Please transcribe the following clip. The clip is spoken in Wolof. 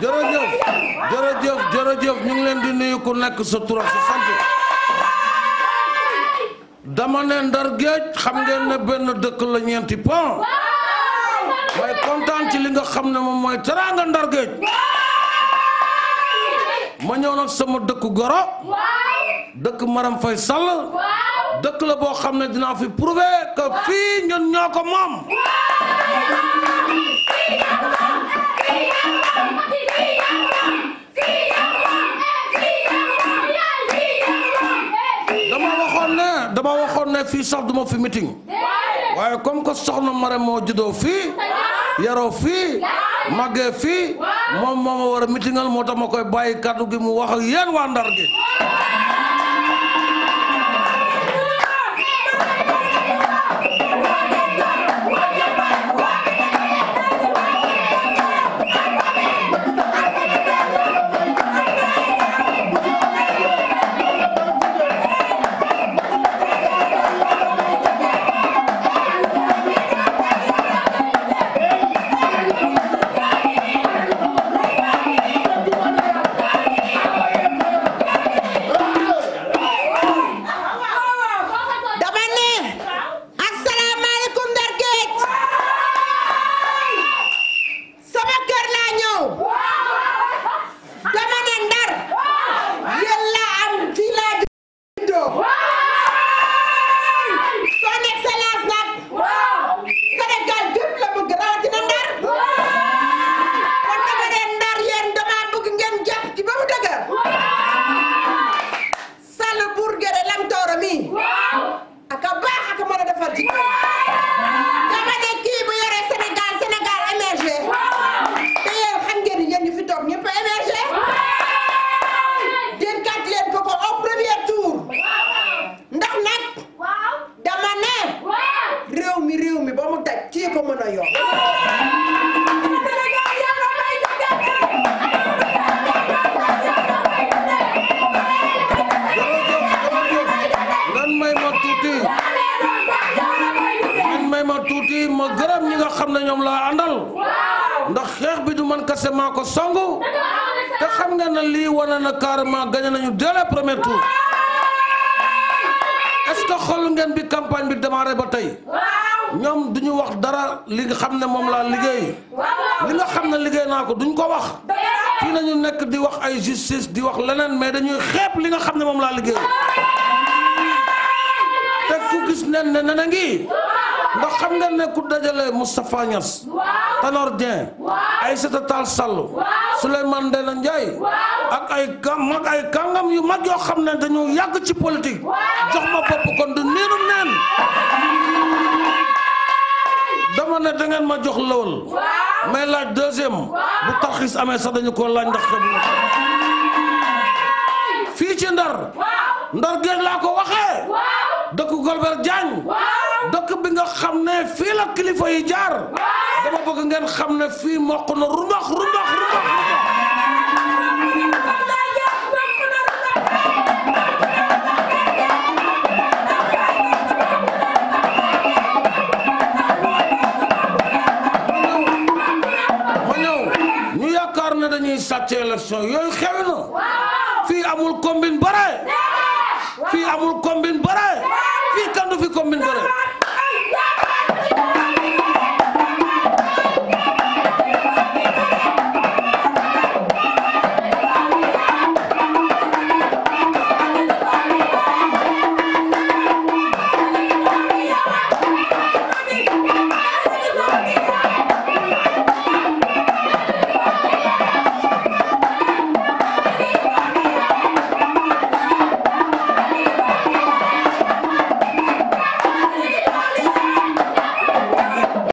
jërëjëf jërëjëf jërëjëf ñu ngi leen di nuyu ku nekk sa turam sa sant dama ne Ndar xam ngeen ne benn dëkk la ñeenti pont waaye kontaan ci li nga xam ne moom mooy teraanga Ndar Géej ma ñëw nag sama dëkk goro dëkk Maram Fay Sall dëkk la boo xam ne dinaa fi prouver que fii ñun ñoo ko moom dama waxoon ne dama waxoon ne fii sax duma fi meeting waaye comme que soxna Marème moo juddoo fii yaroo fii màggee fii moom moo ma war a meetingal moo tax ma koy bàyyi kàddu gi mu wax ak yéen waa Ndar gi ma tuuti ngeen may ma tuuti ma gërëm ñi nga xam ne ñoom laa àndal ndax xeex bi du man kase maa ko songu te xam nga ne lii wane na carrément gagné nañu dès le premier tour est que xool ngeen bi campagne bi démarré ba tey ñoom duñu wax dara li nga xam ne moom laa liggéey li nga xam ne liggéey naa ko duñ ko wax fii nañu nekk di wax ay justice di wax leneen mais dañuy xeeb li nga xam ne moom laa liggéey te ku gis nen ne nena ngi ndax xam nga ne ku dajale Moustapha Niass Tanor ay Aïssata Tall Sall Souleymane Ndéné ak ay mag ay kàngam yu mag yoo xam ne dañoo yàgg ci politique jox ma bopp kon du niiru neen dama ne da ma jox lawal may laaj deuxième bu tarxiis amee sax dañu ko laaj ndax xam fii ci ndar ndar géej laa ko waxee dëkk Golbert Diagne. dëkk bi xam ne fii kilifa yi jaar. dama bëgg ngeen xam ne fii mokk na rumbax rumbax rumbax. sàcc élection yooyu xew na fii amul combine bare fii amul combine bare من برا